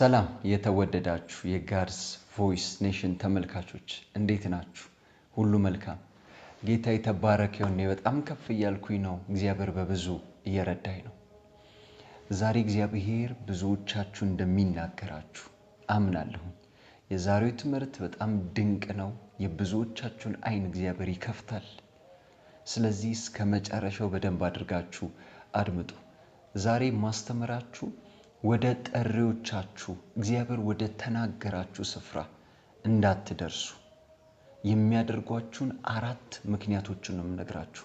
ሰላም የተወደዳችሁ የጋድስ ቮይስ ኔሽን ተመልካቾች እንዴት ናችሁ? ሁሉ መልካም። ጌታ የተባረከ ይሁን። በጣም ከፍ እያልኩኝ ነው። እግዚአብሔር በብዙ እየረዳኝ ነው። ዛሬ እግዚአብሔር ብዙዎቻችሁ እንደሚናገራችሁ አምናለሁ። የዛሬው ትምህርት በጣም ድንቅ ነው። የብዙዎቻችሁን አይን እግዚአብሔር ይከፍታል። ስለዚህ እስከ መጨረሻው በደንብ አድርጋችሁ አድምጡ። ዛሬ ማስተምራችሁ ወደ ጠሪዎቻችሁ እግዚአብሔር ወደ ተናገራችሁ ስፍራ እንዳትደርሱ የሚያደርጓችሁን አራት ምክንያቶችን ነው የምነግራችሁ።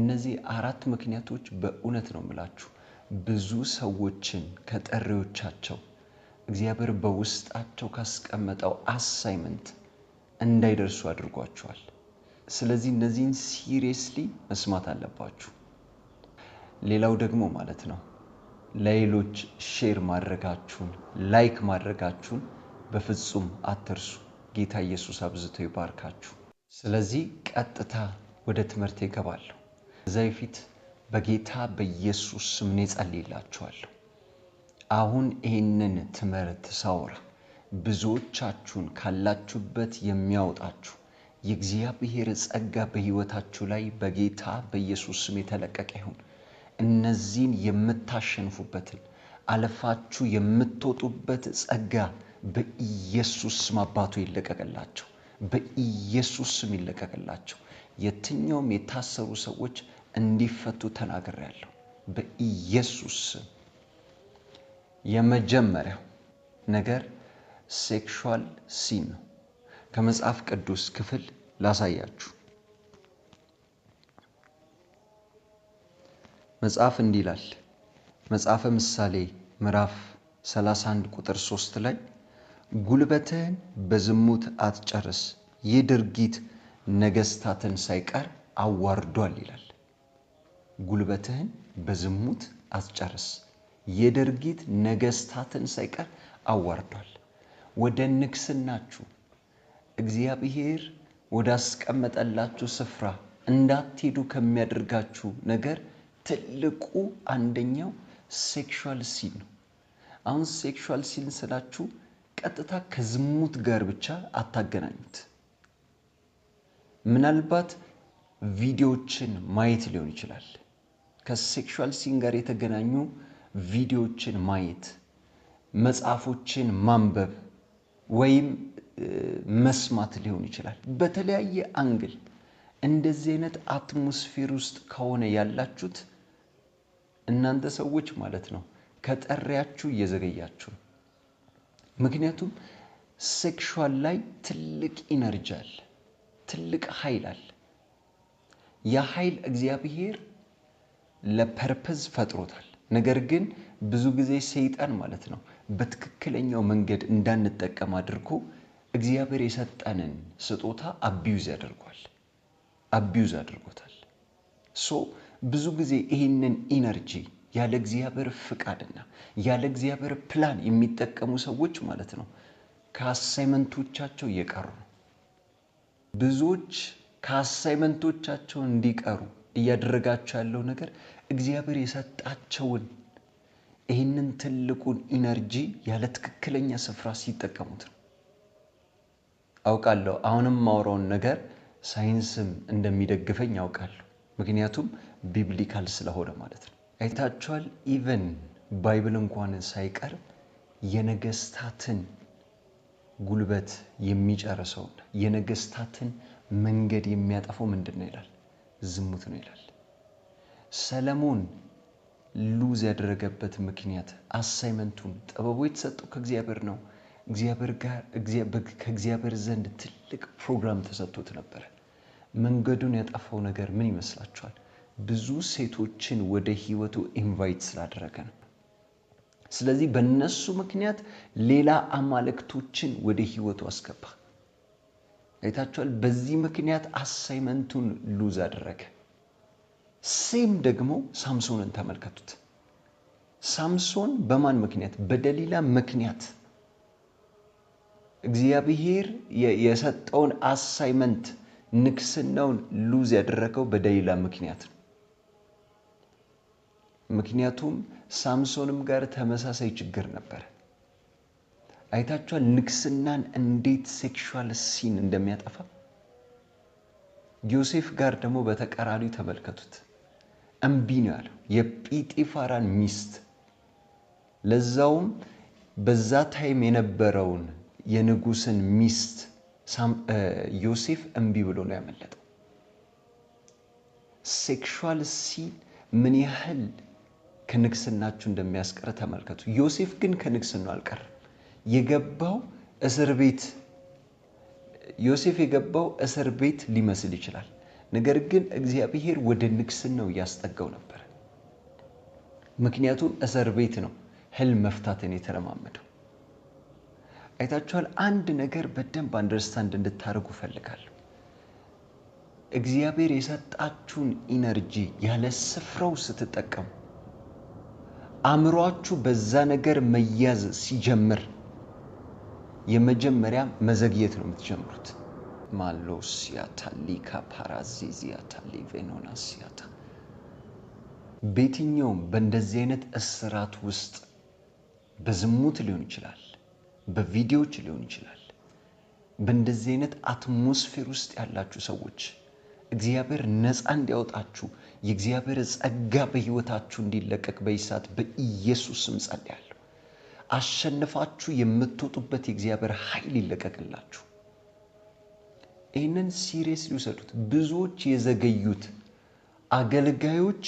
እነዚህ አራት ምክንያቶች በእውነት ነው የምላችሁ ብዙ ሰዎችን ከጠሪዎቻቸው እግዚአብሔር በውስጣቸው ካስቀመጠው አሳይመንት እንዳይደርሱ አድርጓቸዋል። ስለዚህ እነዚህን ሲሪየስሊ መስማት አለባችሁ። ሌላው ደግሞ ማለት ነው ለሌሎች ሼር ማድረጋችሁን ላይክ ማድረጋችሁን በፍጹም አትርሱ። ጌታ ኢየሱስ አብዝቶ ይባርካችሁ። ስለዚህ ቀጥታ ወደ ትምህርት ይገባለሁ። እዛ በፊት በጌታ በኢየሱስ ስም እኔ ጸልይላችኋለሁ። አሁን ይህንን ትምህርት ሳወራ ብዙዎቻችሁን ካላችሁበት የሚያወጣችሁ የእግዚአብሔር ጸጋ በሕይወታችሁ ላይ በጌታ በኢየሱስ ስም የተለቀቀ ይሁን። እነዚህን የምታሸንፉበትን አለፋችሁ የምትወጡበት ጸጋ በኢየሱስ ስም አባቱ ይለቀቅላቸው። በኢየሱስ ስም ይለቀቅላቸው። የትኛውም የታሰሩ ሰዎች እንዲፈቱ ተናግሬያለሁ። በኢየሱስ ስም የመጀመሪያው ነገር ሴክሹዋል ሲን ነው። ከመጽሐፍ ቅዱስ ክፍል ላሳያችሁ። መጽሐፍ እንዲህ ይላል። መጽሐፈ ምሳሌ ምዕራፍ 31 ቁጥር 3 ላይ ጉልበትህን በዝሙት አትጨርስ፣ ይህ ድርጊት ሳይቀር አዋርዷል ይላል። ጉልበትህን በዝሙት አትጨርስ፣ ይህ ድርጊት ሳይቀር አዋርዷል። ወደ ንግስናችሁ እግዚአብሔር ወደ አስቀመጠላችሁ ስፍራ እንዳትሄዱ ከሚያደርጋችሁ ነገር ትልቁ አንደኛው ሴክሹዋል ሲን ነው። አሁን ሴክሹዋል ሲን ስላችሁ ቀጥታ ከዝሙት ጋር ብቻ አታገናኙት። ምናልባት ቪዲዮዎችን ማየት ሊሆን ይችላል። ከሴክሹዋል ሲን ጋር የተገናኙ ቪዲዮዎችን ማየት፣ መጽሐፎችን ማንበብ ወይም መስማት ሊሆን ይችላል። በተለያየ አንግል እንደዚህ አይነት አትሞስፌር ውስጥ ከሆነ ያላችሁት እናንተ ሰዎች ማለት ነው ከጠሪያችሁ እየዘገያችሁ። ምክንያቱም ሴክሹዋል ላይ ትልቅ ኢነርጂ አለ፣ ትልቅ ኃይል አለ። ያ ኃይል እግዚአብሔር ለፐርፐዝ ፈጥሮታል። ነገር ግን ብዙ ጊዜ ሰይጣን ማለት ነው በትክክለኛው መንገድ እንዳንጠቀም አድርጎ እግዚአብሔር የሰጠንን ስጦታ አቢዩዝ ያደርጓል፣ አቢዩዝ አድርጎታል ሶ ብዙ ጊዜ ይህንን ኢነርጂ ያለ እግዚአብሔር ፍቃድና ያለ እግዚአብሔር ፕላን የሚጠቀሙ ሰዎች ማለት ነው ከአሳይመንቶቻቸው እየቀሩ ነው። ብዙዎች ከአሳይመንቶቻቸው እንዲቀሩ እያደረጋቸው ያለው ነገር እግዚአብሔር የሰጣቸውን ይህንን ትልቁን ኢነርጂ ያለ ትክክለኛ ስፍራ ሲጠቀሙት ነው። አውቃለሁ። አሁንም ማውራውን ነገር ሳይንስም እንደሚደግፈኝ አውቃለሁ። ምክንያቱም ቢብሊካል ስለሆነ ማለት ነው። አይታችኋል። ኢቨን ባይብል እንኳን ሳይቀር የነገስታትን ጉልበት የሚጨርሰውና የነገስታትን መንገድ የሚያጠፈው ምንድን ነው ይላል? ዝሙት ነው ይላል። ሰለሞን ሉዝ ያደረገበት ምክንያት አሳይመንቱን ጥበቡ የተሰጠው ከእግዚአብሔር ነው። ከእግዚአብሔር ዘንድ ትልቅ ፕሮግራም ተሰጥቶት ነበረ። መንገዱን ያጠፋው ነገር ምን ይመስላችኋል? ብዙ ሴቶችን ወደ ህይወቱ ኢንቫይት ስላደረገ ነው። ስለዚህ በነሱ ምክንያት ሌላ አማልክቶችን ወደ ህይወቱ አስገባ። አይታችኋል። በዚህ ምክንያት አሳይመንቱን ሉዝ አደረገ። ሴም ደግሞ ሳምሶንን ተመልከቱት። ሳምሶን በማን ምክንያት? በደሊላ ምክንያት እግዚአብሔር የሰጠውን አሳይመንት ንግስናውን ሉዝ ያደረገው በደሊላ ምክንያት ነው። ምክንያቱም ሳምሶንም ጋር ተመሳሳይ ችግር ነበር። አይታችኋል ንግስናን እንዴት ሴክሹዋል ሲን እንደሚያጠፋ። ዮሴፍ ጋር ደግሞ በተቃራኒ ተመልከቱት። እምቢ ነው ያለው የጲጢፋራን ሚስት ለዛውም በዛ ታይም የነበረውን የንጉስን ሚስት ዮሴፍ እምቢ ብሎ ነው ያመለጠው። ሴክሹዋል ሲን ምን ያህል ከንግስናችሁ እንደሚያስቀር ተመልከቱ። ዮሴፍ ግን ከንግስናው አልቀርም። የገባው እስር ቤት ዮሴፍ የገባው እስር ቤት ሊመስል ይችላል። ነገር ግን እግዚአብሔር ወደ ንግስናው እያስጠጋው ነበር። ምክንያቱም እስር ቤት ነው ህልም መፍታትን የተለማመደው። አይታችኋል። አንድ ነገር በደንብ አንደርስታንድ እንድታደርጉ እፈልጋለሁ። እግዚአብሔር የሰጣችሁን ኢነርጂ ያለ ስፍራው ስትጠቀሙ አእምሯችሁ በዛ ነገር መያዝ ሲጀምር የመጀመሪያ መዘግየት ነው የምትጀምሩት። ማሎሲያታ ሊካ ፓራዚዚያታ ሊቬኖናሲያታ በየትኛውም በእንደዚህ አይነት እስራት ውስጥ በዝሙት ሊሆን ይችላል፣ በቪዲዮዎች ሊሆን ይችላል። በእንደዚህ አይነት አትሞስፌር ውስጥ ያላችሁ ሰዎች እግዚአብሔር ነፃ እንዲያወጣችሁ የእግዚአብሔር ጸጋ በሕይወታችሁ እንዲለቀቅ በይሳት በኢየሱስ ስም ጸልያለሁ። አሸንፋችሁ የምትወጡበት የእግዚአብሔር ኃይል ይለቀቅላችሁ። ይህንን ሲሪየስ ሊውሰዱት። ብዙዎች የዘገዩት አገልጋዮች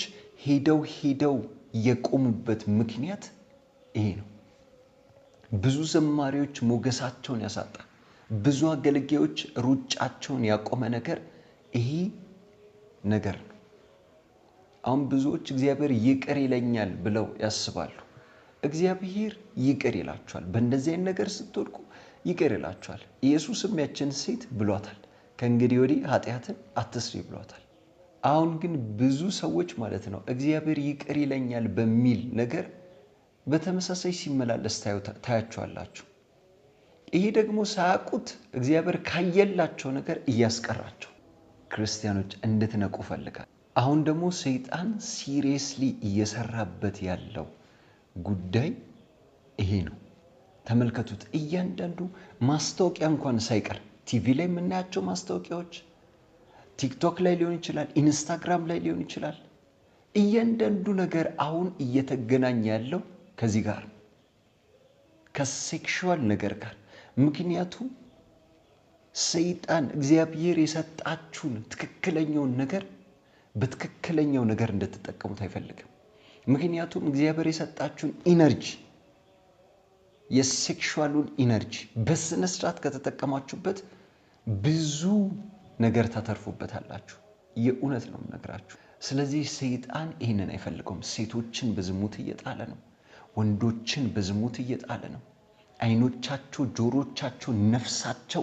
ሄደው ሄደው የቆሙበት ምክንያት ይሄ ነው። ብዙ ዘማሪዎች ሞገሳቸውን ያሳጣ፣ ብዙ አገልጋዮች ሩጫቸውን ያቆመ ነገር ይሄ ነገር ነው። አሁን ብዙዎች እግዚአብሔር ይቅር ይለኛል ብለው ያስባሉ። እግዚአብሔር ይቅር ይላቸዋል። በእንደዚህ አይነት ነገር ስትወድቁ ይቅር ይላቸዋል። ኢየሱስም ያችን ሴት ብሏታል፣ ከእንግዲህ ወዲህ ኃጢአትን አትስሪ ብሏታል። አሁን ግን ብዙ ሰዎች ማለት ነው እግዚአብሔር ይቅር ይለኛል በሚል ነገር በተመሳሳይ ሲመላለስ ታያቸዋላችሁ። ይሄ ደግሞ ሳያውቁት እግዚአብሔር ካየላቸው ነገር እያስቀራቸው ክርስቲያኖች እንድትነቁ ፈልጋል። አሁን ደግሞ ሰይጣን ሲሪየስሊ እየሰራበት ያለው ጉዳይ ይሄ ነው። ተመልከቱት። እያንዳንዱ ማስታወቂያ እንኳን ሳይቀር ቲቪ ላይ የምናያቸው ማስታወቂያዎች፣ ቲክቶክ ላይ ሊሆን ይችላል፣ ኢንስታግራም ላይ ሊሆን ይችላል። እያንዳንዱ ነገር አሁን እየተገናኘ ያለው ከዚህ ጋር ከሴክሽዋል ነገር ጋር ምክንያቱም ሰይጣን እግዚአብሔር የሰጣችሁን ትክክለኛውን ነገር በትክክለኛው ነገር እንድትጠቀሙት አይፈልግም። ምክንያቱም እግዚአብሔር የሰጣችሁን ኢነርጂ የሴክሹዋሉን ኢነርጂ በስነ ስርዓት ከተጠቀማችሁበት ብዙ ነገር ታተርፉበታላችሁ። የእውነት ነው የምነግራችሁ። ስለዚህ ሰይጣን ይህንን አይፈልገውም። ሴቶችን በዝሙት እየጣለ ነው። ወንዶችን በዝሙት እየጣለ ነው። አይኖቻቸው፣ ጆሮቻቸው፣ ነፍሳቸው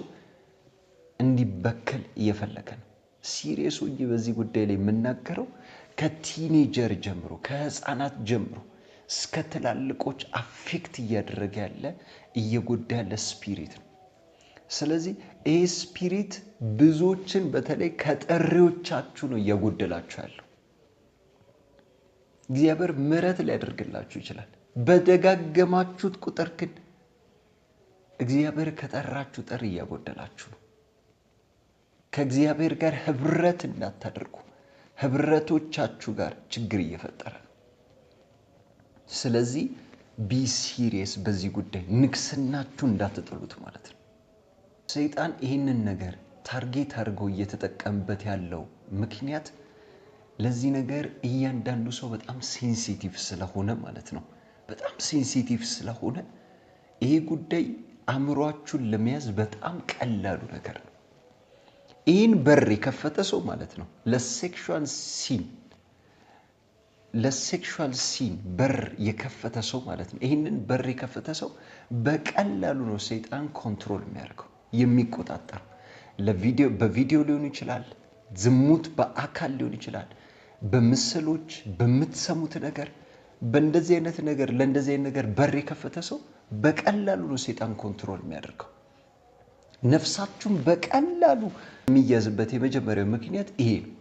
እንዲበከል እየፈለገ ነው። ሲሪየስ ሆኜ በዚህ ጉዳይ ላይ የምናገረው ከቲኔጀር ጀምሮ ከህፃናት ጀምሮ እስከ ትላልቆች አፌክት እያደረገ ያለ እየጎዳ ያለ ስፒሪት ነው። ስለዚህ ይህ ስፒሪት ብዙዎችን በተለይ ከጠሪዎቻችሁ ነው እያጎደላችሁ ያለው። እግዚአብሔር ምሕረት ሊያደርግላችሁ ይችላል። በደጋገማችሁት ቁጥር ግን እግዚአብሔር ከጠራችሁ ጠሪ እያጎደላችሁ ነው። ከእግዚአብሔር ጋር ህብረት እንዳታደርጉ ህብረቶቻችሁ ጋር ችግር እየፈጠረ ነው። ስለዚህ ቢ ሲሪየስ በዚህ ጉዳይ ንግስናችሁ እንዳትጥሉት ማለት ነው። ሰይጣን ይህንን ነገር ታርጌት አድርጎ እየተጠቀምበት ያለው ምክንያት ለዚህ ነገር እያንዳንዱ ሰው በጣም ሴንሲቲቭ ስለሆነ ማለት ነው። በጣም ሴንሲቲቭ ስለሆነ ይሄ ጉዳይ አእምሯችሁን ለመያዝ በጣም ቀላሉ ነገር ነው። ይህን በር የከፈተ ሰው ማለት ነው ለሴክሹዋል ሲን ለሴክሹዋል ሲን በር የከፈተ ሰው ማለት ነው። ይህንን በር የከፈተ ሰው በቀላሉ ነው ሰይጣን ኮንትሮል የሚያደርገው የሚቆጣጠረው። በቪዲዮ ሊሆን ይችላል፣ ዝሙት በአካል ሊሆን ይችላል፣ በምስሎች በምትሰሙት ነገር፣ በእንደዚህ አይነት ነገር ለእንደዚህ አይነት ነገር በር የከፈተ ሰው በቀላሉ ነው ሰይጣን ኮንትሮል የሚያደርገው። ነፍሳችሁን በቀላሉ የሚያዝበት የመጀመሪያው ምክንያት ይሄ ነው።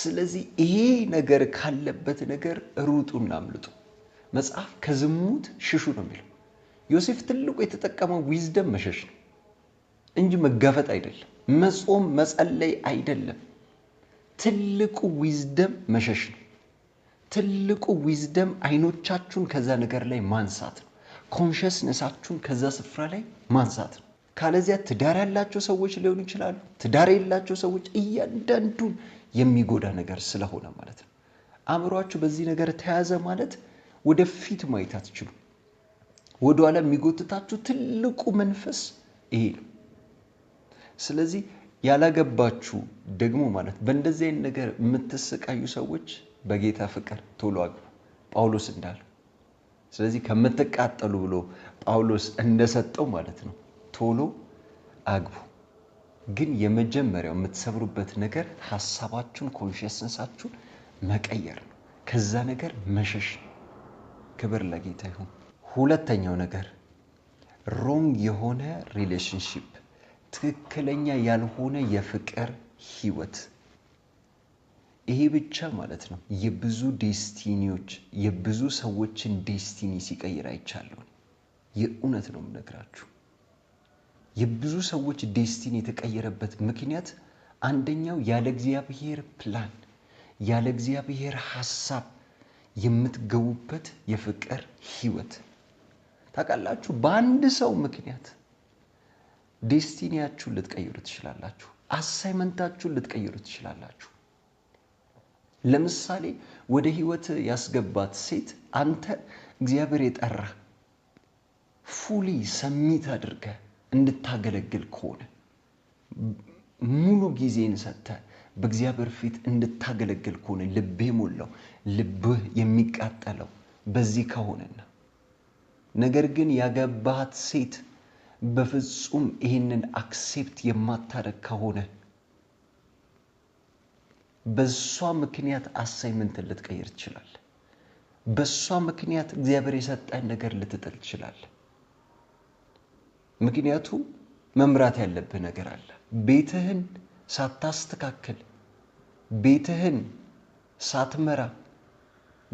ስለዚህ ይሄ ነገር ካለበት ነገር ሩጡና አምልጡ። መጽሐፍ ከዝሙት ሽሹ ነው የሚለው። ዮሴፍ ትልቁ የተጠቀመው ዊዝደም መሸሽ ነው እንጂ መጋፈጥ አይደለም። መጾም መጸለይ አይደለም። ትልቁ ዊዝደም መሸሽ ነው። ትልቁ ዊዝደም አይኖቻችሁን ከዛ ነገር ላይ ማንሳት ነው። ኮንሽስነሳችሁን ከዛ ስፍራ ላይ ማንሳት ነው። ካለዚያ ትዳር ያላቸው ሰዎች ሊሆኑ ይችላሉ። ትዳር የሌላቸው ሰዎች እያንዳንዱን የሚጎዳ ነገር ስለሆነ ማለት ነው። አእምሯችሁ በዚህ ነገር ተያዘ ማለት ወደፊት ማየት አትችሉ። ወደኋላ የሚጎትታችሁ ትልቁ መንፈስ ይሄ ነው። ስለዚህ ያላገባችሁ ደግሞ ማለት በእንደዚህ አይነት ነገር የምትሰቃዩ ሰዎች በጌታ ፍቅር ቶሎ አግቡ፣ ጳውሎስ እንዳለ። ስለዚህ ከምትቃጠሉ ብሎ ጳውሎስ እንደሰጠው ማለት ነው ቶሎ አግቡ። ግን የመጀመሪያው የምትሰብሩበት ነገር ሀሳባችሁን ኮንሽየስንሳችሁን መቀየር ነው። ከዛ ነገር መሸሽ። ክብር ለጌታ ይሁን። ሁለተኛው ነገር ሮንግ የሆነ ሪሌሽንሽፕ፣ ትክክለኛ ያልሆነ የፍቅር ህይወት። ይሄ ብቻ ማለት ነው የብዙ ዴስቲኒዎች የብዙ ሰዎችን ዴስቲኒ ሲቀይር አይቻለሁ። የእውነት ነው የምነግራችሁ። የብዙ ሰዎች ዴስቲኒ የተቀየረበት ምክንያት አንደኛው ያለ እግዚአብሔር ፕላን ያለ እግዚአብሔር ሀሳብ የምትገቡበት የፍቅር ህይወት ታውቃላችሁ። በአንድ ሰው ምክንያት ዴስቲኒያችሁን ልትቀይሩ ትችላላችሁ። አሳይመንታችሁን ልትቀይሩ ትችላላችሁ። ለምሳሌ ወደ ህይወት ያስገባት ሴት አንተ እግዚአብሔር የጠራ ፉሊ ሰሚት አድርገህ እንድታገለግል ከሆነ ሙሉ ጊዜን ሰጥተ በእግዚአብሔር ፊት እንድታገለግል ከሆነ ልቤ ሞላው፣ ልብህ የሚቃጠለው በዚህ ከሆነና ነገር ግን ያገባት ሴት በፍጹም ይህንን አክሴፕት የማታደርግ ከሆነ በሷ ምክንያት አሳይመንትን ልትቀይር ትችላለህ። በእሷ ምክንያት እግዚአብሔር የሰጠን ነገር ልትጥል ትችላለህ። ምክንያቱም መምራት ያለብህ ነገር አለ። ቤትህን ሳታስተካክል ቤትህን ሳትመራ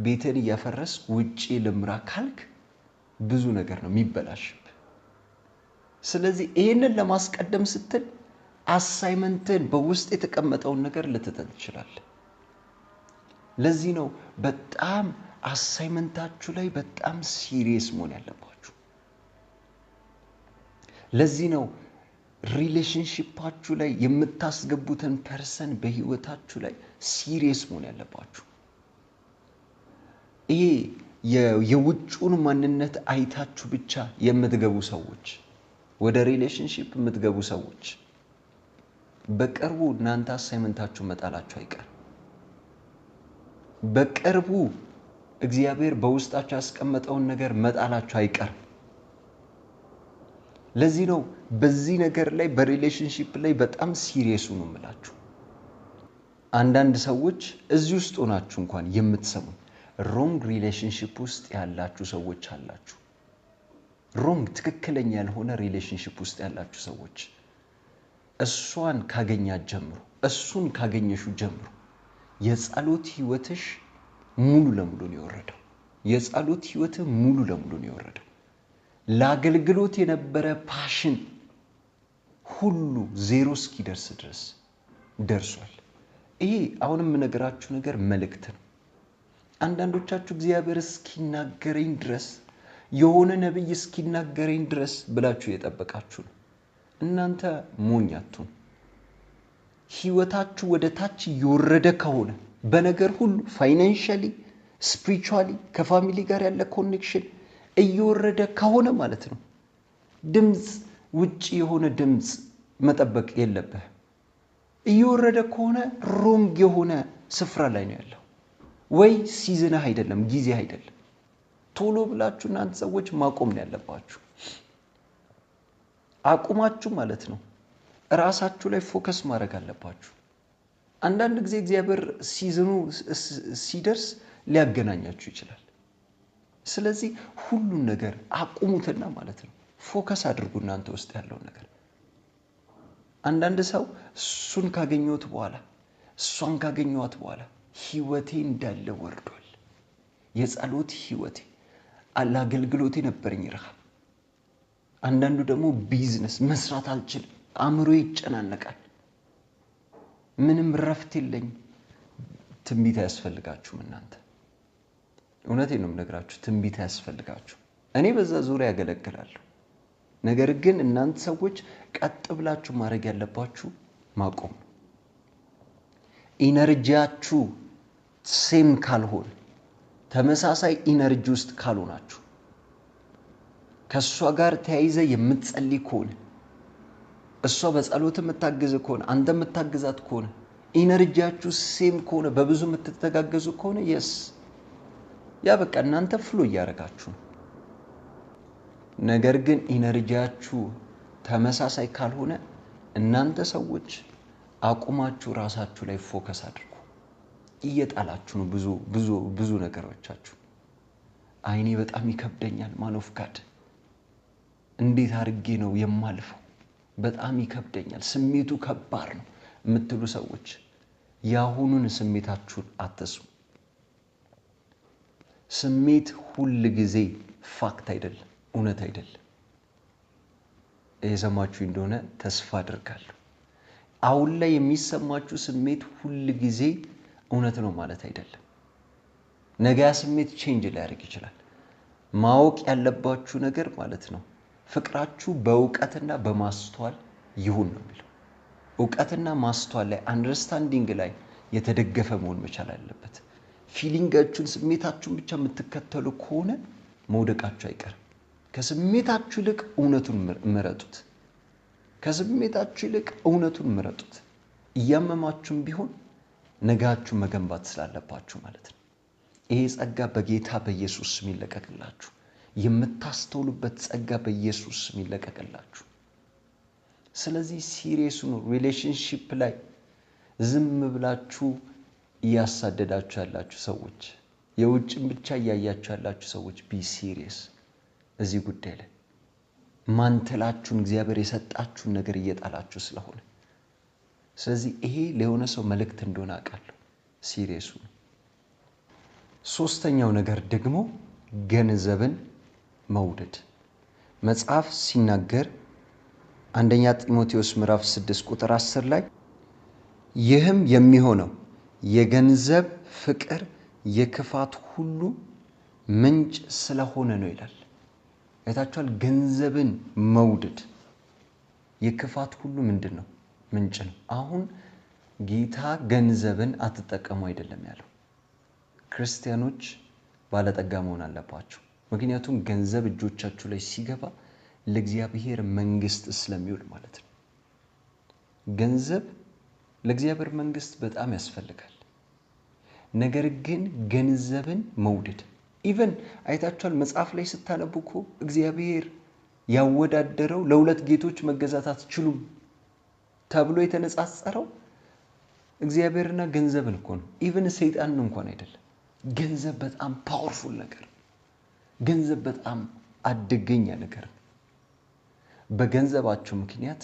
ቤትህን እያፈረስ ውጪ ልምራ ካልክ ብዙ ነገር ነው የሚበላሽብ። ስለዚህ ይህንን ለማስቀደም ስትል አሳይመንትን በውስጥ የተቀመጠውን ነገር ልትጥል ትችላለህ። ለዚህ ነው በጣም አሳይመንታችሁ ላይ በጣም ሲሪየስ መሆን ያለባችሁ። ለዚህ ነው ሪሌሽንሽፓችሁ ላይ የምታስገቡትን ፐርሰን በህይወታችሁ ላይ ሲሪየስ መሆን ያለባችሁ። ይሄ የውጩን ማንነት አይታችሁ ብቻ የምትገቡ ሰዎች፣ ወደ ሪሌሽንሽፕ የምትገቡ ሰዎች በቅርቡ እናንተ አሳይመንታችሁ መጣላችሁ አይቀር። በቅርቡ እግዚአብሔር በውስጣችሁ ያስቀመጠውን ነገር መጣላችሁ አይቀር። ለዚህ ነው በዚህ ነገር ላይ በሪሌሽንሺፕ ላይ በጣም ሲሪየሱ ነው የምላችሁ። አንዳንድ ሰዎች እዚህ ውስጥ ሆናችሁ እንኳን የምትሰሙኝ ሮንግ ሪሌሽንሺፕ ውስጥ ያላችሁ ሰዎች አላችሁ። ሮንግ ትክክለኛ ያልሆነ ሪሌሽንሺፕ ውስጥ ያላችሁ ሰዎች እሷን ካገኛት ጀምሮ እሱን ካገኘሹ ጀምሮ የጸሎት ህይወትሽ ሙሉ ለሙሉ ነው የወረደው። የጸሎት ህይወት ሙሉ ለሙሉ ነው የወረደው። ለአገልግሎት የነበረ ፓሽን ሁሉ ዜሮ እስኪደርስ ድረስ ደርሷል። ይሄ አሁንም የምነግራችሁ ነገር መልእክት ነው። አንዳንዶቻችሁ እግዚአብሔር እስኪናገረኝ ድረስ የሆነ ነቢይ እስኪናገረኝ ድረስ ብላችሁ የጠበቃችሁ ነው። እናንተ ሞኛቱን ህይወታችሁ ወደ ታች እየወረደ ከሆነ በነገር ሁሉ ፋይናንሻሊ፣ ስፒሪቹዋሊ ከፋሚሊ ጋር ያለ ኮኔክሽን እየወረደ ከሆነ ማለት ነው ድምፅ ውጭ የሆነ ድምፅ መጠበቅ የለብህ። እየወረደ ከሆነ ሮንግ የሆነ ስፍራ ላይ ነው ያለው፣ ወይ ሲዝንህ አይደለም፣ ጊዜ አይደለም። ቶሎ ብላችሁ እናንተ ሰዎች ማቆም ነው ያለባችሁ። አቁማችሁ ማለት ነው እራሳችሁ ላይ ፎከስ ማድረግ አለባችሁ። አንዳንድ ጊዜ እግዚአብሔር ሲዝኑ ሲደርስ ሊያገናኛችሁ ይችላል። ስለዚህ ሁሉን ነገር አቁሙትና ማለት ነው ፎከስ አድርጉ እናንተ ውስጥ ያለውን ነገር። አንዳንድ ሰው እሱን ካገኘሁት በኋላ እሷን ካገኘዋት በኋላ ህይወቴ እንዳለ ወርዷል። የጸሎት ህይወቴ ለአገልግሎቴ ነበረኝ ረሃብ። አንዳንዱ ደግሞ ቢዝነስ መስራት አልችልም፣ አእምሮ ይጨናነቃል፣ ምንም ረፍት የለኝ ትንቢት አያስፈልጋችሁም እናንተ እውነቴ ነው የምነግራችሁ፣ ትንቢት አያስፈልጋችሁ። እኔ በዛ ዙሪያ ያገለግላለሁ። ነገር ግን እናንተ ሰዎች ቀጥ ብላችሁ ማድረግ ያለባችሁ ማቆም ነው። ኢነርጂያችሁ ሴም ካልሆን ተመሳሳይ ኢነርጂ ውስጥ ካልሆናችሁ ከእሷ ጋር ተያይዘ የምትጸልይ ከሆነ እሷ በጸሎት የምታግዝ ከሆነ አንተ የምታግዛት ከሆነ ኢነርጂያችሁ ሴም ከሆነ በብዙ የምትተጋገዙ ከሆነ የስ ያ በቃ እናንተ ፍሎ እያደረጋችሁ ነው። ነገር ግን ኢነርጂያችሁ ተመሳሳይ ካልሆነ እናንተ ሰዎች አቁማችሁ ራሳችሁ ላይ ፎከስ አድርጉ። እየጣላችሁ ነው ብዙ ብዙ ብዙ ነገሮቻችሁ። አይኔ በጣም ይከብደኛል። ማን ኦፍ ጋድ እንዴት አድርጌ ነው የማልፈው? በጣም ይከብደኛል፣ ስሜቱ ከባድ ነው የምትሉ ሰዎች የአሁኑን ስሜታችሁን አትስሙ። ስሜት ሁል ጊዜ ፋክት አይደለም፣ እውነት አይደለም። የሰማችሁ እንደሆነ ተስፋ አድርጋለሁ። አሁን ላይ የሚሰማችሁ ስሜት ሁል ጊዜ እውነት ነው ማለት አይደለም። ነገ ያ ስሜት ቼንጅ ሊያደርግ ይችላል። ማወቅ ያለባችሁ ነገር ማለት ነው ፍቅራችሁ በእውቀትና በማስተዋል ይሁን ነው የሚለው። እውቀትና ማስተዋል ላይ አንደርስታንዲንግ ላይ የተደገፈ መሆን መቻል አለበት። ፊሊንጋችሁን ስሜታችሁን ብቻ የምትከተሉ ከሆነ መውደቃችሁ አይቀርም። ከስሜታችሁ ይልቅ እውነቱን ምረጡት። ከስሜታችሁ ይልቅ እውነቱን ምረጡት። እያመማችሁም ቢሆን ነጋችሁ መገንባት ስላለባችሁ ማለት ነው። ይሄ ጸጋ በጌታ በኢየሱስ ስም ይለቀቅላችሁ። የምታስተውሉበት ጸጋ በኢየሱስ ስም ይለቀቅላችሁ። ስለዚህ ሲሪየስ ኑ። ሪሌሽንሺፕ ላይ ዝም ብላችሁ እያሳደዳችሁ ያላችሁ ሰዎች፣ የውጭም ብቻ እያያችሁ ያላችሁ ሰዎች ቢ ሲሪየስ እዚህ ጉዳይ ላይ ማንተላችሁን እግዚአብሔር የሰጣችሁን ነገር እየጣላችሁ ስለሆነ፣ ስለዚህ ይሄ ለሆነ ሰው መልእክት እንደሆነ አውቃለሁ። ሲሪየሱ ነው። ሶስተኛው ነገር ደግሞ ገንዘብን መውደድ መጽሐፍ ሲናገር አንደኛ ጢሞቴዎስ ምዕራፍ 6 ቁጥር 10 ላይ ይህም የሚሆነው የገንዘብ ፍቅር የክፋት ሁሉ ምንጭ ስለሆነ ነው ይላል። አይታችኋል? ገንዘብን መውደድ የክፋት ሁሉ ምንድን ነው? ምንጭ ነው። አሁን ጌታ ገንዘብን አትጠቀሙ አይደለም ያለው። ክርስቲያኖች ባለጠጋ መሆን አለባቸው። ምክንያቱም ገንዘብ እጆቻችሁ ላይ ሲገባ ለእግዚአብሔር መንግስት ስለሚውል ማለት ነው። ገንዘብ ለእግዚአብሔር መንግስት በጣም ያስፈልጋል። ነገር ግን ገንዘብን መውደድ ኢቨን አይታችኋል መጽሐፍ ላይ ስታነቡ እኮ እግዚአብሔር ያወዳደረው ለሁለት ጌቶች መገዛት አትችሉም ተብሎ የተነጻጸረው እግዚአብሔርና ገንዘብን እኮ ነው። ኢቨን ሰይጣንን እንኳን አይደለም። ገንዘብ በጣም ፓወርፉል ነገር፣ ገንዘብ በጣም አደገኛ ነገር ነው። በገንዘባችሁ ምክንያት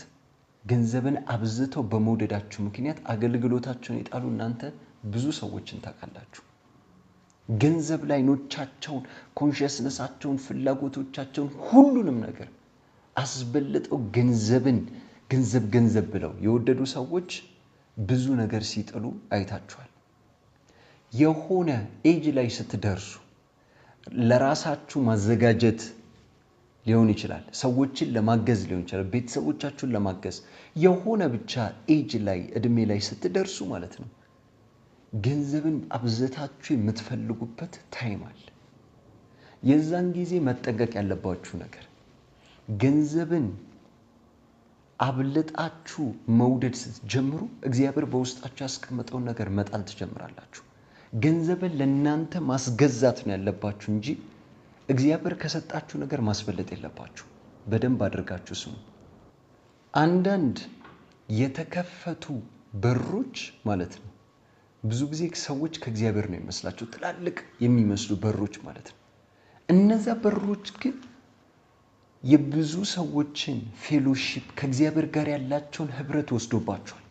ገንዘብን አብዝተው በመውደዳችሁ ምክንያት አገልግሎታቸውን የጣሉ እናንተ ብዙ ሰዎችን ታውቃላችሁ። ገንዘብ ላይ ኖቻቸውን፣ ኮንሽስነሳቸውን፣ ፍላጎቶቻቸውን ሁሉንም ነገር አስበልጠው ገንዘብን ገንዘብ ገንዘብ ብለው የወደዱ ሰዎች ብዙ ነገር ሲጥሉ አይታችኋል። የሆነ ኤጅ ላይ ስትደርሱ ለራሳችሁ ማዘጋጀት ሊሆን ይችላል፣ ሰዎችን ለማገዝ ሊሆን ይችላል፣ ቤተሰቦቻችሁን ለማገዝ የሆነ ብቻ ኤጅ ላይ እድሜ ላይ ስትደርሱ ማለት ነው ገንዘብን አብዝታችሁ የምትፈልጉበት ታይም አለ። የዛን ጊዜ መጠንቀቅ ያለባችሁ ነገር ገንዘብን አብልጣችሁ መውደድ ስትጀምሩ እግዚአብሔር በውስጣችሁ ያስቀመጠውን ነገር መጣል ትጀምራላችሁ። ገንዘብን ለእናንተ ማስገዛት ነው ያለባችሁ እንጂ እግዚአብሔር ከሰጣችሁ ነገር ማስበለጥ የለባችሁ። በደንብ አድርጋችሁ ስሙ። አንዳንድ የተከፈቱ በሮች ማለት ነው ብዙ ጊዜ ሰዎች ከእግዚአብሔር ነው የሚመስላቸው ትላልቅ የሚመስሉ በሮች ማለት ነው። እነዛ በሮች ግን የብዙ ሰዎችን ፌሎሺፕ ከእግዚአብሔር ጋር ያላቸውን ህብረት ወስዶባቸዋል።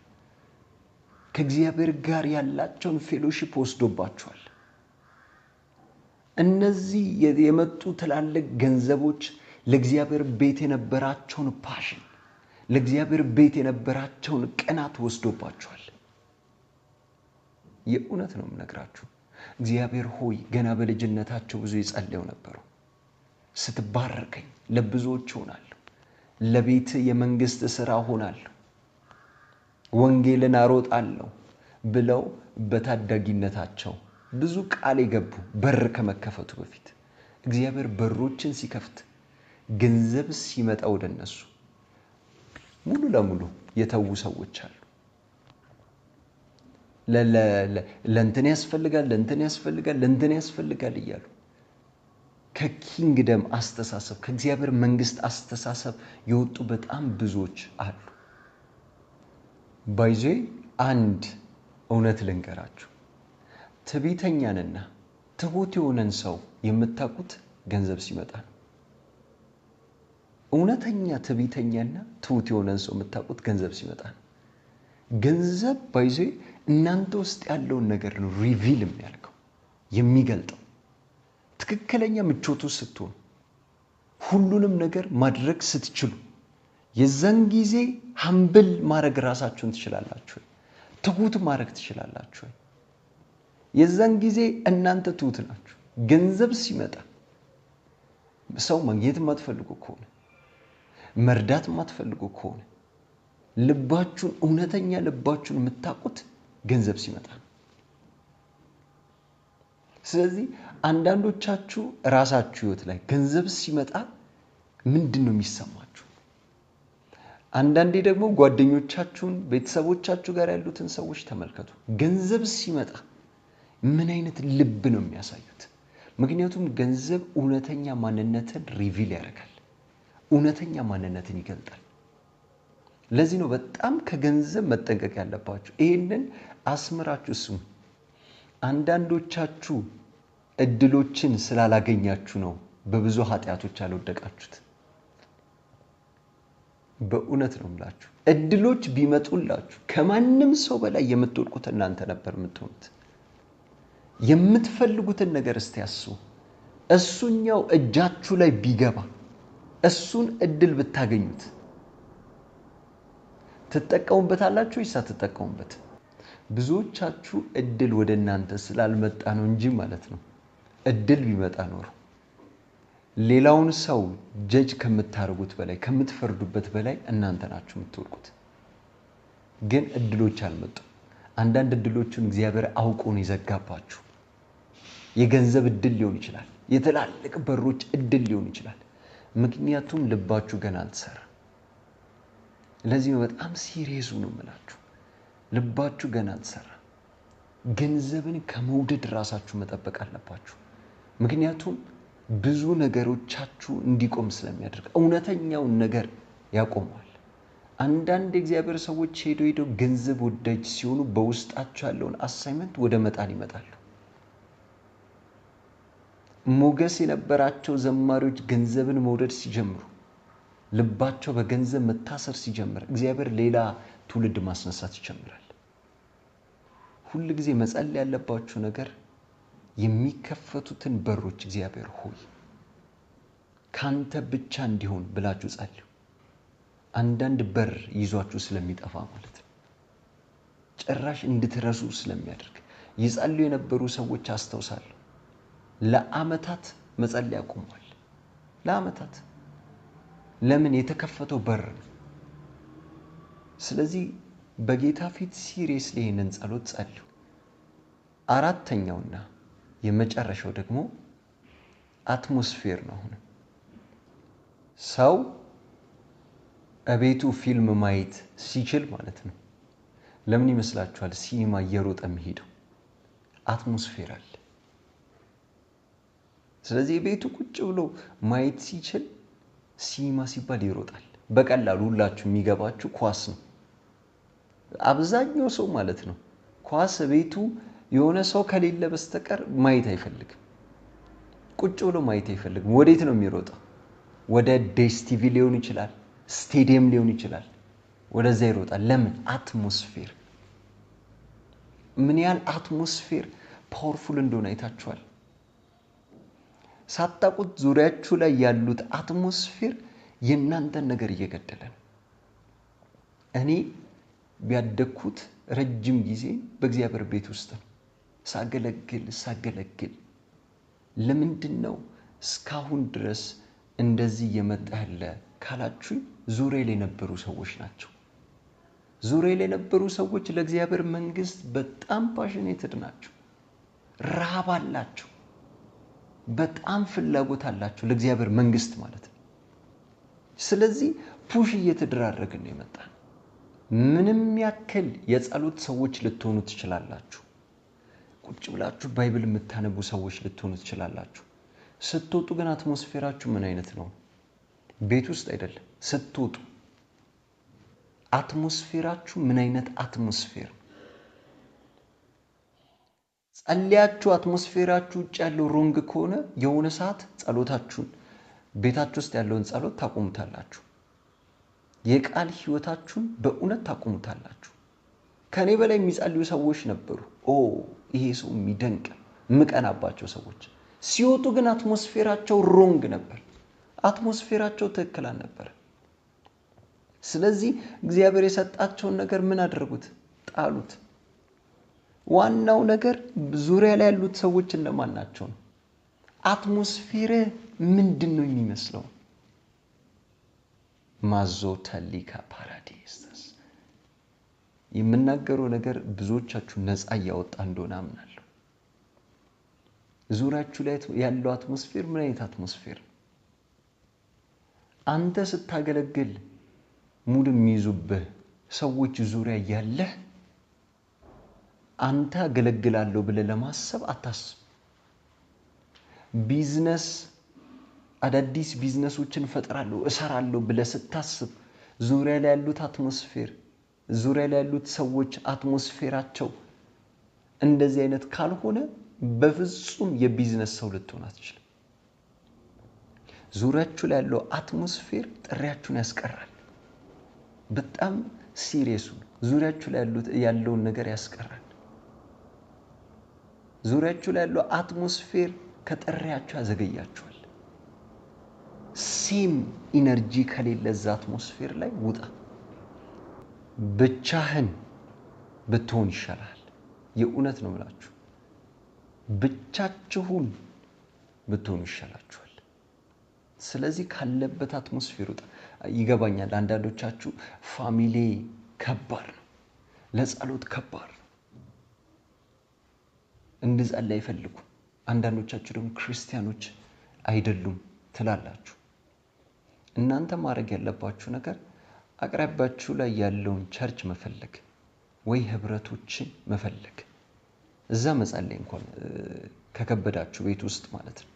ከእግዚአብሔር ጋር ያላቸውን ፌሎሺፕ ወስዶባቸዋል። እነዚህ የመጡ ትላልቅ ገንዘቦች ለእግዚአብሔር ቤት የነበራቸውን ፓሽን፣ ለእግዚአብሔር ቤት የነበራቸውን ቅናት ወስዶባቸዋል። የእውነት ነው የምነግራችሁ። እግዚአብሔር ሆይ ገና በልጅነታቸው ብዙ ይጸልዩ ነበሩ። ስትባርከኝ ለብዙዎች ሆናለሁ፣ ለቤት የመንግስት ስራ ሆናለሁ፣ ወንጌልን አሮጣለሁ ብለው በታዳጊነታቸው ብዙ ቃል የገቡ በር ከመከፈቱ በፊት እግዚአብሔር በሮችን ሲከፍት ገንዘብ ሲመጣ ወደ እነሱ ሙሉ ለሙሉ የተዉ ሰዎች አሉ። ለእንትን ያስፈልጋል፣ ለእንትን ያስፈልጋል፣ ለእንትን ያስፈልጋል እያሉ ከኪንግደም አስተሳሰብ ከእግዚአብሔር መንግስት አስተሳሰብ የወጡ በጣም ብዙዎች አሉ። ባይዜ አንድ እውነት ልንገራችሁ፣ ትዕቢተኛንና ትሁት የሆነን ሰው የምታውቁት ገንዘብ ሲመጣ ነው። እውነተኛ ትዕቢተኛና ትሁት የሆነን ሰው የምታውቁት ገንዘብ ሲመጣ ነው። ገንዘብ ባይዜ እናንተ ውስጥ ያለውን ነገር ነው ሪቪል የሚያደርገው የሚገልጠው። ትክክለኛ ምቾቱ ስትሆኑ ሁሉንም ነገር ማድረግ ስትችሉ የዛን ጊዜ ሀምብል ማድረግ ራሳችሁን ትችላላችሁ። ትሁት ማድረግ ትችላላችሁ። የዛን ጊዜ እናንተ ትሁት ናችሁ። ገንዘብ ሲመጣ ሰው ማግኘት የማትፈልጉ ከሆነ መርዳት የማትፈልጉ ከሆነ ልባችሁን እውነተኛ ልባችሁን የምታውቁት ገንዘብ ሲመጣ። ስለዚህ አንዳንዶቻችሁ ራሳችሁ ህይወት ላይ ገንዘብ ሲመጣ ምንድን ነው የሚሰማችሁ? አንዳንዴ ደግሞ ጓደኞቻችሁን፣ ቤተሰቦቻችሁ ጋር ያሉትን ሰዎች ተመልከቱ። ገንዘብ ሲመጣ ምን አይነት ልብ ነው የሚያሳዩት? ምክንያቱም ገንዘብ እውነተኛ ማንነትን ሪቪል ያደርጋል፣ እውነተኛ ማንነትን ይገልጣል። ለዚህ ነው በጣም ከገንዘብ መጠንቀቅ ያለባችሁ። ይህንን አስምራችሁ ስሙ። አንዳንዶቻችሁ እድሎችን ስላላገኛችሁ ነው በብዙ ኃጢአቶች ያልወደቃችሁት። በእውነት ነው የምላችሁ። እድሎች ቢመጡላችሁ ከማንም ሰው በላይ የምትወድቁት እናንተ ነበር የምትሆኑት። የምትፈልጉትን ነገር እስቲ ያስቡ። እሱኛው እጃችሁ ላይ ቢገባ እሱን እድል ብታገኙት ትጠቀሙበታላችሁ ይሳ ትጠቀሙበት ብዙዎቻችሁ እድል ወደ እናንተ ስላልመጣ ነው እንጂ ማለት ነው። እድል ቢመጣ ኖሮ ሌላውን ሰው ጀጅ ከምታደርጉት በላይ ከምትፈርዱበት በላይ እናንተ ናችሁ የምትወድቁት። ግን እድሎች አልመጡም። አንዳንድ እድሎቹን እግዚአብሔር አውቆ ነው የዘጋባችሁ። የገንዘብ እድል ሊሆን ይችላል። የትላልቅ በሮች እድል ሊሆን ይችላል። ምክንያቱም ልባችሁ ገና አልተሰራ ለዚህ ነው በጣም ሲሪየሱ ነው የምላችሁ። ልባችሁ ገና አልሰራ። ገንዘብን ከመውደድ ራሳችሁ መጠበቅ አለባችሁ። ምክንያቱም ብዙ ነገሮቻችሁ እንዲቆም ስለሚያደርግ እውነተኛውን ነገር ያቆመዋል። አንዳንድ የእግዚአብሔር ሰዎች ሄደው ሄደው ገንዘብ ወዳጅ ሲሆኑ በውስጣቸው ያለውን አሳይመንት ወደ መጣል ይመጣሉ። ሞገስ የነበራቸው ዘማሪዎች ገንዘብን መውደድ ሲጀምሩ ልባቸው በገንዘብ መታሰር ሲጀምር እግዚአብሔር ሌላ ትውልድ ማስነሳት ይጀምራል። ሁል ጊዜ መጸል ያለባችሁ ነገር የሚከፈቱትን በሮች እግዚአብሔር ሆይ ካንተ ብቻ እንዲሆን ብላችሁ ጸልዩ። አንዳንድ በር ይዟችሁ ስለሚጠፋ ማለት ነው፣ ጭራሽ እንድትረሱ ስለሚያደርግ ይጸልዩ የነበሩ ሰዎች አስታውሳለሁ። ለአመታት መጸል አቁሟል። ለአመታት ለምን የተከፈተው በር ነው። ስለዚህ በጌታ ፊት ሲሪየስ ይህንን ጸሎት ጸልዩ። አራተኛውና የመጨረሻው ደግሞ አትሞስፌር ነው። አሁን ሰው እቤቱ ፊልም ማየት ሲችል ማለት ነው ለምን ይመስላችኋል ሲኒማ እየሮጠ የሚሄደው? አትሞስፌር አለ። ስለዚህ ቤቱ ቁጭ ብሎ ማየት ሲችል ሲኒማ ሲባል ይሮጣል። በቀላሉ ሁላችሁ የሚገባችሁ ኳስ ነው። አብዛኛው ሰው ማለት ነው ኳስ ቤቱ የሆነ ሰው ከሌለ በስተቀር ማየት አይፈልግም። ቁጭ ብሎ ማየት አይፈልግም። ወዴት ነው የሚሮጠው? ወደ ዴስቲቪ ሊሆን ይችላል፣ ስቴዲየም ሊሆን ይችላል። ወደዛ ይሮጣል። ለምን? አትሞስፌር ምን ያህል አትሞስፌር ፓወርፉል እንደሆነ አይታችኋል። ሳታውቁት ዙሪያችሁ ላይ ያሉት አትሞስፌር የእናንተን ነገር እየገደለ ነው። እኔ ቢያደግኩት ረጅም ጊዜ በእግዚአብሔር ቤት ውስጥ ነው ሳገለግል ሳገለግል ለምንድን ነው እስካሁን ድረስ እንደዚህ የመጣለ ካላችሁ ዙሬ ላይ የነበሩ ሰዎች ናቸው። ዙሬ ላይ የነበሩ ሰዎች ለእግዚአብሔር መንግስት በጣም ፓሽኔትድ ናቸው፣ ረሃብ አላቸው። በጣም ፍላጎት አላቸው ለእግዚአብሔር መንግስት ማለት ነው። ስለዚህ ፑሽ እየተደራረግን ነው የመጣን። ምንም ያክል የጸሎት ሰዎች ልትሆኑ ትችላላችሁ። ቁጭ ብላችሁ ባይብል የምታነቡ ሰዎች ልትሆኑ ትችላላችሁ። ስትወጡ ግን አትሞስፌራችሁ ምን አይነት ነው? ቤት ውስጥ አይደለም። ስትወጡ አትሞስፌራችሁ ምን አይነት አትሞስፌር ጸልያችሁ አትሞስፌራችሁ ውጭ ያለው ሮንግ ከሆነ የሆነ ሰዓት ጸሎታችሁን ቤታችሁ ውስጥ ያለውን ጸሎት ታቆሙታላችሁ። የቃል ህይወታችሁን በእውነት ታቆሙታላችሁ። ከእኔ በላይ የሚጸልዩ ሰዎች ነበሩ። ኦ ይሄ ሰው የሚደንቅ የምቀናባቸው ሰዎች ሲወጡ ግን አትሞስፌራቸው ሮንግ ነበር። አትሞስፌራቸው ትክክል አልነበረ። ስለዚህ እግዚአብሔር የሰጣቸውን ነገር ምን አደረጉት? ጣሉት። ዋናው ነገር ዙሪያ ላይ ያሉት ሰዎች እነማን ናቸው ነው። አትሞስፌር ምንድን ነው የሚመስለው? ማዞተሊካ ፓራዲስተስ የምናገረው ነገር ብዙዎቻችሁ ነፃ እያወጣ እንደሆነ አምናለሁ። ዙሪያችሁ ላይ ያለው አትሞስፌር ምን አይነት አትሞስፌር ነው? አንተ ስታገለግል ሙድ የሚይዙብህ ሰዎች ዙሪያ ያለህ አንተ አገለግላለሁ ብለህ ለማሰብ አታስብ። ቢዝነስ አዳዲስ ቢዝነሶችን ፈጥራለሁ እሰራለሁ ብለህ ስታስብ ዙሪያ ላይ ያሉት አትሞስፌር ዙሪያ ላይ ያሉት ሰዎች አትሞስፌራቸው እንደዚህ አይነት ካልሆነ በፍጹም የቢዝነስ ሰው ልትሆን አትችልም። ዙሪያችሁ ላይ ያለው አትሞስፌር ጥሪያችሁን ያስቀራል። በጣም ሲሪየሱ ዙሪያችሁ ላይ ያለውን ነገር ያስቀራል። ዙሪያችሁ ላይ ያለው አትሞስፌር ከጥሪያችሁ ያዘገያችኋል። ሴም ኢነርጂ ከሌለ እዛ አትሞስፌር ላይ ውጣ። ብቻህን ብትሆን ይሻላል። የእውነት ነው ብላችሁ ብቻችሁን ብትሆኑ ይሻላችኋል። ስለዚህ ካለበት አትሞስፌር ውጣ። ይገባኛል። አንዳንዶቻችሁ ፋሚሌ ከባድ ነው፣ ለጸሎት ከባድ እንድጸላ አይፈልጉ። አንዳንዶቻችሁ ደግሞ ክርስቲያኖች አይደሉም ትላላችሁ። እናንተ ማድረግ ያለባችሁ ነገር አቅራቢያችሁ ላይ ያለውን ቸርች መፈለግ ወይ ህብረቶችን መፈለግ፣ እዛ መጸለይ እንኳን ከከበዳችሁ ቤት ውስጥ ማለት ነው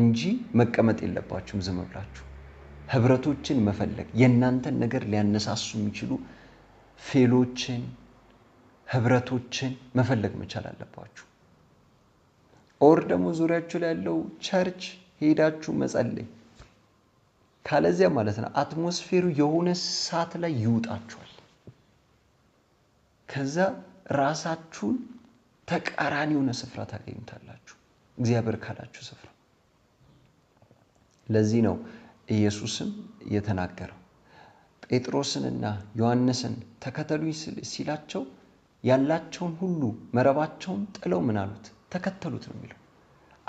እንጂ መቀመጥ የለባችሁም ዝም ብላችሁ ህብረቶችን መፈለግ የእናንተን ነገር ሊያነሳሱ የሚችሉ ፌሎችን ህብረቶችን መፈለግ መቻል አለባችሁ። ኦር ደግሞ ዙሪያችሁ ላይ ያለው ቸርች ሄዳችሁ መጸለይ። ካለዚያ ማለት ነው አትሞስፌሩ የሆነ ሰዓት ላይ ይውጣችኋል። ከዛ ራሳችሁን ተቃራኒ የሆነ ስፍራ ታገኙታላችሁ፣ እግዚአብሔር ካላችሁ ስፍራ። ለዚህ ነው ኢየሱስም የተናገረው ጴጥሮስንና ዮሐንስን ተከተሉኝ ሲላቸው ያላቸውን ሁሉ መረባቸውን ጥለው ምን አሉት? ተከተሉት ነው የሚለው።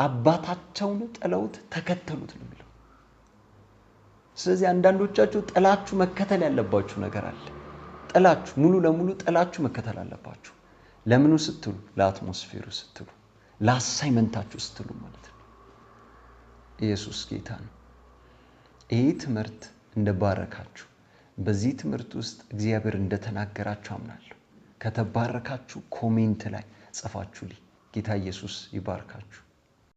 አባታቸውን ጥለውት ተከተሉት ነው የሚለው። ስለዚህ አንዳንዶቻችሁ ጥላችሁ መከተል ያለባችሁ ነገር አለ። ጥላችሁ ሙሉ ለሙሉ ጥላችሁ መከተል አለባችሁ። ለምኑ ስትሉ፣ ለአትሞስፌሩ ስትሉ፣ ለአሳይመንታችሁ ስትሉ ማለት ነው። ኢየሱስ ጌታ ነው። ይህ ትምህርት እንደባረካችሁ፣ በዚህ ትምህርት ውስጥ እግዚአብሔር እንደተናገራችሁ አምናለሁ። ከተባረካችሁ ኮሜንት ላይ ጽፋችሁልኝ ጌታ ኢየሱስ ይባርካችሁ።